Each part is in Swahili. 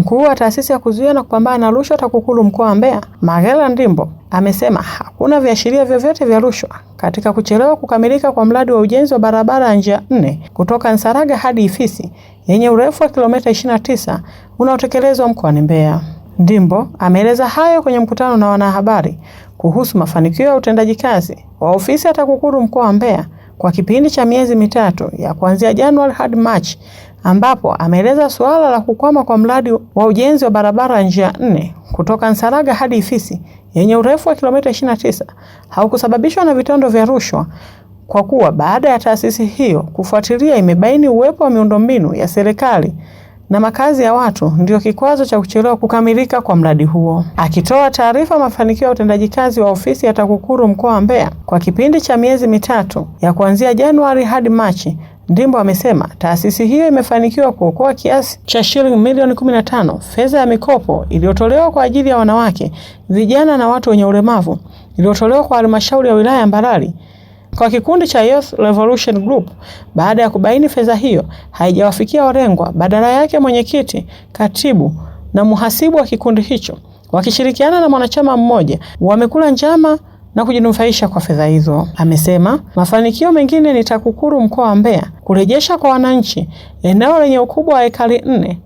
Mkuu wa taasisi ya kuzuia na kupambana na rushwa TAKUKURU mkoa wa Mbeya, Magela Ndimbo amesema hakuna viashiria vyovyote vya rushwa katika kuchelewa kukamilika kwa mradi wa ujenzi wa barabara ya njia nne kutoka Nsalaga hadi Ifisi yenye urefu wa kilomita 29 unaotekelezwa mkoani Mbeya. Ndimbo ameeleza hayo kwenye mkutano na wanahabari kuhusu mafanikio ya utendaji kazi wa ofisi ya TAKUKURU mkoa wa Mbeya kwa kipindi cha miezi mitatu ya kuanzia Januari hadi Machi ambapo ameeleza suala la kukwama kwa mradi wa ujenzi wa barabara ya njia nne kutoka Nsalaga hadi Ifisi yenye urefu wa kilomita 29 haukusababishwa na vitendo vya rushwa kwa kuwa baada ya taasisi hiyo kufuatilia imebaini uwepo wa miundombinu ya serikali na makazi ya watu ndiyo kikwazo cha kuchelewa kukamilika kwa mradi huo. Akitoa taarifa mafanikio ya utendaji kazi wa ofisi ya TAKUKURU mkoa wa Mbeya kwa kipindi cha miezi mitatu ya kuanzia Januari hadi Machi, Ndimbo amesema taasisi hiyo imefanikiwa kuokoa kiasi cha shilingi milioni 15 fedha ya mikopo iliyotolewa kwa ajili ya wanawake, vijana na watu wenye ulemavu iliyotolewa kwa halmashauri ya wilaya ya Mbarali kwa kikundi cha Youth Revolution Group baada ya kubaini fedha hiyo haijawafikia walengwa. Badala yake, mwenyekiti, katibu na mhasibu wa kikundi hicho wakishirikiana na mwanachama mmoja wamekula njama na kujinufaisha kwa fedha hizo. Amesema mafanikio mengine ni TAKUKURU mkoa wa Mbeya kurejesha kwa wananchi eneo lenye ukubwa wa ekari nne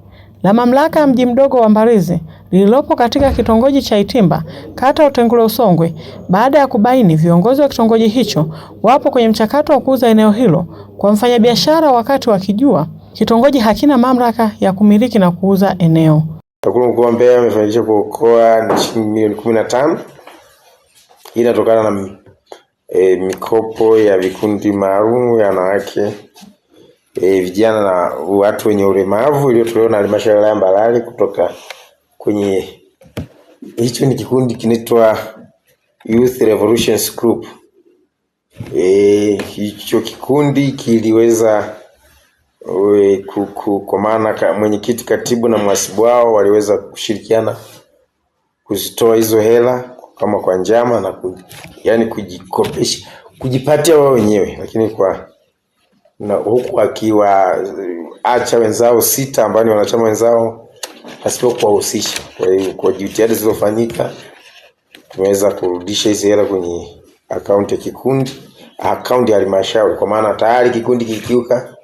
la mamlaka ya mji mdogo wa Mbalizi lililopo katika kitongoji cha Itimba kata Utengule Usongwe baada ya kubaini viongozi wa kitongoji hicho wapo kwenye mchakato wa kuuza eneo hilo kwa mfanyabiashara wakati wakijua kitongoji hakina mamlaka ya kumiliki na kuuza eneo. TAKUKURU mkoa wa Mbeya amefanikisha kuokoa shilingi milioni kumi na tano hii inatokana na e, mikopo ya vikundi maalum ya wanawake e, vijana na watu wenye ulemavu iliyotolewa na halmashauri ya Mbarali kutoka kwenye hicho ni kikundi kinaitwa Youth Revolutions Group. E, hicho kikundi kiliweza e, kwa maana mwenyekiti, katibu na mwasibu wao waliweza kushirikiana kuzitoa hizo hela kama kwa njama na ku, yani kujikopesha kujipatia wao wenyewe, lakini kwa na huku akiwaacha wenzao sita ambao ni wanachama wenzao pasipo kuwahusisha. Kwa hiyo kwa, jitihada zilizofanyika tumeweza kurudisha hizi hela kwenye akaunti ya kikundi, akaunti ya halmashauri, kwa maana tayari kikundi kikiuka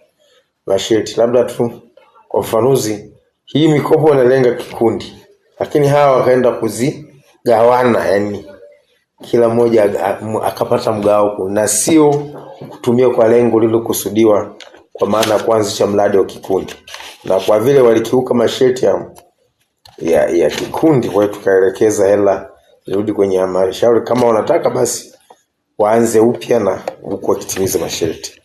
masharti. Labda tu kwa ufanuzi, hii mikopo inalenga kikundi, lakini hawa wakaenda kuzi gawana, yani kila mmoja akapata mgao na sio kutumia kwa lengo lililokusudiwa kwa maana ya kuanzisha mradi wa kikundi, na kwa vile walikiuka masharti ya, ya, ya kikundi, kwa hiyo tukaelekeza hela zirudi kwenye halmashauri. Kama wanataka basi waanze upya na huku wakitimiza masharti.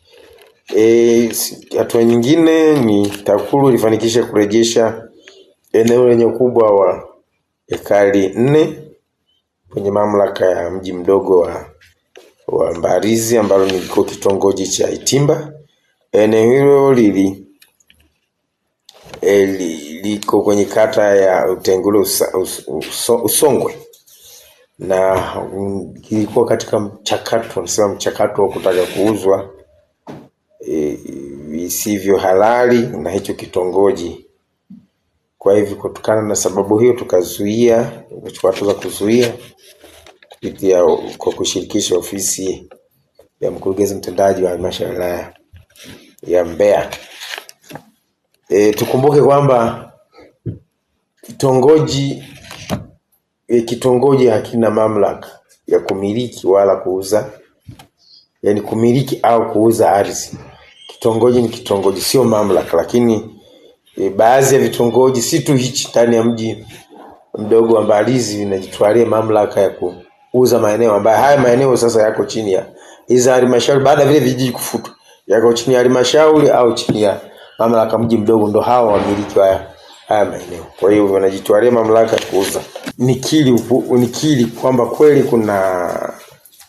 E, hatua nyingine ni TAKUKURU ilifanikisha kurejesha eneo lenye ukubwa wa hekari nne kwenye mamlaka ya mji mdogo wa, wa Mbarizi ambalo nilikuwa kitongoji cha Itimba. Eneo hilo lili eh, liko kwenye kata ya Utengule us, us, Usongwe na mm, ilikuwa katika mchakato, nasema mchakato wa kutaka kuuzwa eh, visivyo halali na hicho kitongoji kwa hivyo kutokana na sababu hiyo, tukazuia tukachukua hatua za kuzuia kupitia kwa kushirikisha ofisi ya mkurugenzi mtendaji wa halmashauri ya wilaya ya Mbeya. E, tukumbuke kwamba kitongoji e, kitongoji hakina mamlaka ya kumiliki wala kuuza, yani kumiliki au kuuza ardhi. Kitongoji ni kitongoji, sio mamlaka, lakini e, baadhi ya vitongoji si tu hichi ndani ya mji mdogo wa Mbalizi vinajitwalia mamlaka ya kuuza maeneo ambayo haya maeneo sasa yako chini ya hizo halmashauri, baada ya vile vijiji kufutwa, yako chini ya halmashauri au chini ya mamlaka mji mdogo, ndo hawa wamiliki haya haya maeneo. Kwa hiyo wanajitwalia mamlaka ya kuuza. Nikiri nikiri kwamba kweli kuna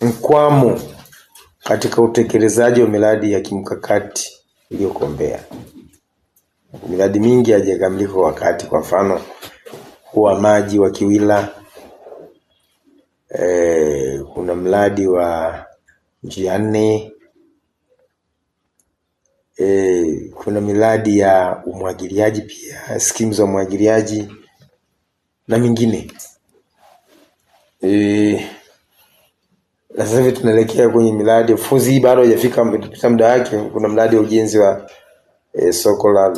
mkwamo katika utekelezaji wa miradi ya kimkakati iliyokombea. Miradi mingi haijakamilika wakati kwa mfano kuwa maji wa Kiwila e, kuna mradi wa njia nne e, kuna miradi ya umwagiliaji pia skimu za umwagiliaji na mingine e, na sasa hivi tunaelekea kwenye miradi fuzi bado haijafika muda wake kuna mradi wa ujenzi wa e, soko la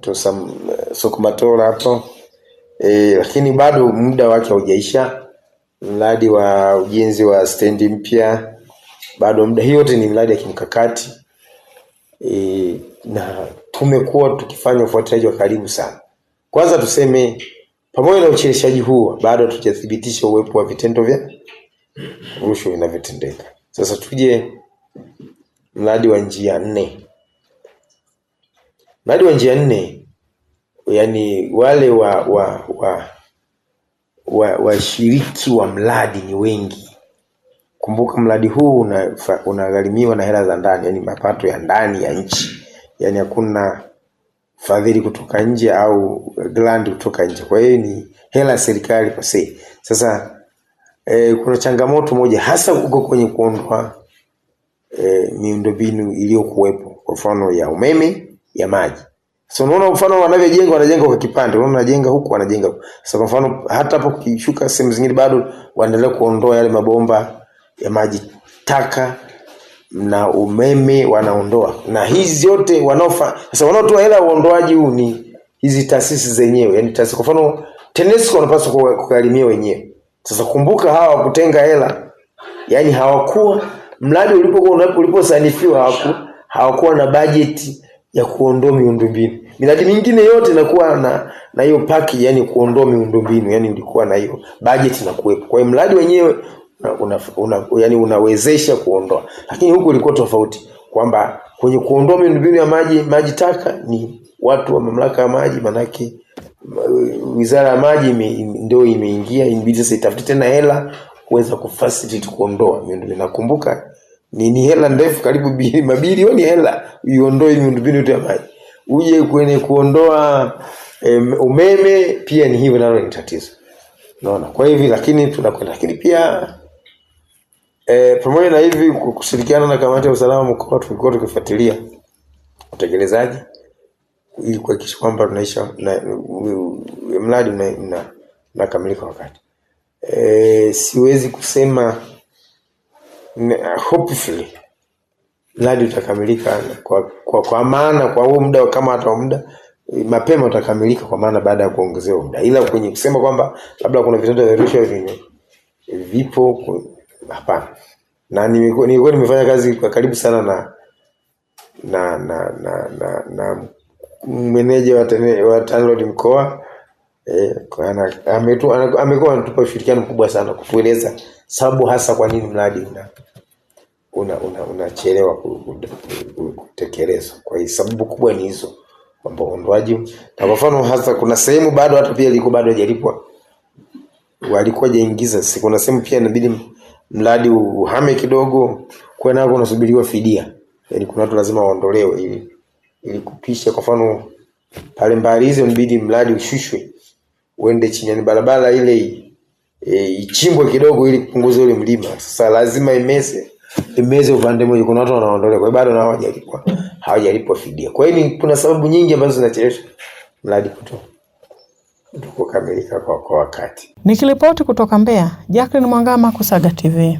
tosam, soko Matola hapo e, lakini bado muda wake haujaisha. Mradi wa ujenzi wa stendi mpya bado muda, hiyo yote ni mradi ya kimkakati e, na tumekuwa tukifanya ufuatiliaji wa karibu sana. Kwanza tuseme pamoja na ucheleshaji huu bado hatujathibitisha uwepo wa vitendo vya rushwa vinavyotendeka. Sasa tuje mradi wa njia nne Mradi wa njia nne yani wale wa wa wa washiriki wa mradi ni wengi. Kumbuka mradi huu unagharimiwa unagharimiwa na hela za ndani, yani mapato ya ndani ya nchi, yani hakuna fadhili kutoka nje au grant kutoka nje. Kwa hiyo ni hela ya serikali kwa se. Sasa e, kuna changamoto moja hasa huko kwenye kuondoa e, miundombinu iliyokuwepo kwa mfano ya umeme ya maji so unaona mfano wanavyojenga wanajenga kwa kipande unaona wanajenga huku wanajenga huku so kwa mfano hata hapo kishuka sehemu zingine bado waendelea kuondoa yale mabomba ya maji taka na umeme wanaondoa na hizi zote wanaofa sasa wanaotoa hela uondoaji huu ni hizi taasisi zenyewe yani taasisi kwa mfano TANESCO wanapaswa kugharimia wenyewe sasa kumbuka hawa wakutenga hela yani hawakuwa mradi ulipokuwa uliposanifiwa hawaku hawakuwa na bajeti ya kuondoa miundombinu. Miradi mingine yote inakuwa na na hiyo paki, yani kuondoa miundombinu, yani ulikuwa na hiyo budget na kuwepo. Kwa hiyo mradi wenyewe una, una, yani unawezesha kuondoa, lakini huku ilikuwa tofauti kwamba kwenye kuondoa miundombinu ya maji maji taka ni watu wa mamlaka ya maji, manake wizara ya maji ndio imeingia, inabidi sasa itafute tena hela kuweza kufacilitate kuondoa miundombinu. Nakumbuka ni, ni hela ndefu karibu bili, mabilioni hela uiondoe miundombinu yote ya maji uje kwenye kuondoa um, umeme pia ni hivyo nalo ni tatizo naona kwa hivi lakini tunakwenda lakini pia e, pamoja na hivi kushirikiana na kamati ya usalama mkoa tulikuwa tukifuatilia utekelezaji ili kuhakikisha kwamba tunaisha na, mradi unakamilika wakati e, siwezi kusema hopefully mradi utakamilika kwa, kwa, kwa maana kwa huo muda kama hata muda eh, mapema utakamilika kwa maana baada ya kuongezewa muda, ila kwenye kusema kwamba labda kuna vitendo vya rushwa vyenye eh, vipo, hapana. Na nilikuwa nimefanya kazi kwa karibu sana na na na na na, na meneja wa TANROADS mkoa eh, amekuwa anatupa ushirikiano mkubwa sana kutueleza sababu hasa kwa nini mradi una unachelewa una, una, una kutekelezwa. Kwa hiyo sababu kubwa ni hizo kwamba uondoaji, na kwa mfano hasa kuna sehemu bado hata pia liko bado hajalipwa, walikuwa jaingiza, Si kuna sehemu pia inabidi mradi uhame kidogo, kwa nako unasubiriwa fidia, yaani kuna watu lazima waondolewe ili ili kupisha. Kwa mfano pale Mbalizi inabidi mradi ushushwe uende chini, barabara ile e, ichimbwe kidogo ili kupunguza ule mlima. Sasa lazima imeze imeze upande mmoja, kuna watu wanaondolea, kwa hiyo bado nao hawajalipwa hawajalipwa fidia. Kwa hiyo kuna sababu nyingi ambazo zinachelewesha mradi kutoka kukamilika kwa wakati. Nikiripoti kutoka Mbeya, Jacqueline Mwangama, Kusaga TV.